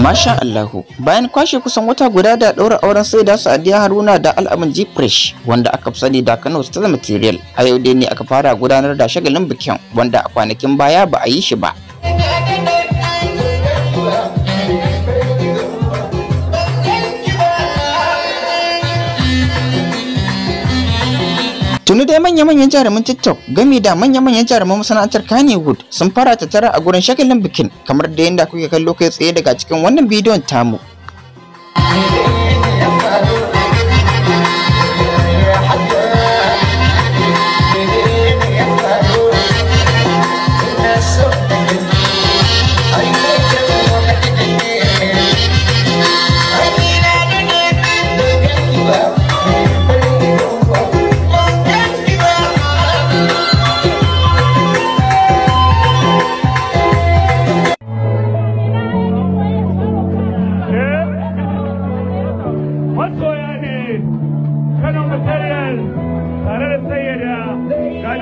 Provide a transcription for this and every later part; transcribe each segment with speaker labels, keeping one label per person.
Speaker 1: Masha Allahu bayan kwashe kusan wata guda da ɗaura auren sai da Sadiya Haruna da Al'amin G.Fresh wanda aka fi sani da Kano Star Material a yau dai ne aka fara gudanar da shagalin bikin wanda a kwanakin baya ba a yi shi ba Tunu dai manya-manyan jaruman TikTok gami da manya-manyan jarumin masana'antar Kannywood sun fara tattara a gurin shagalin bikin kamar da yadda kuke kallo kai tsaye daga cikin wannan bidiyon tamu.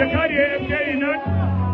Speaker 2: Sakarya Emniyet İnan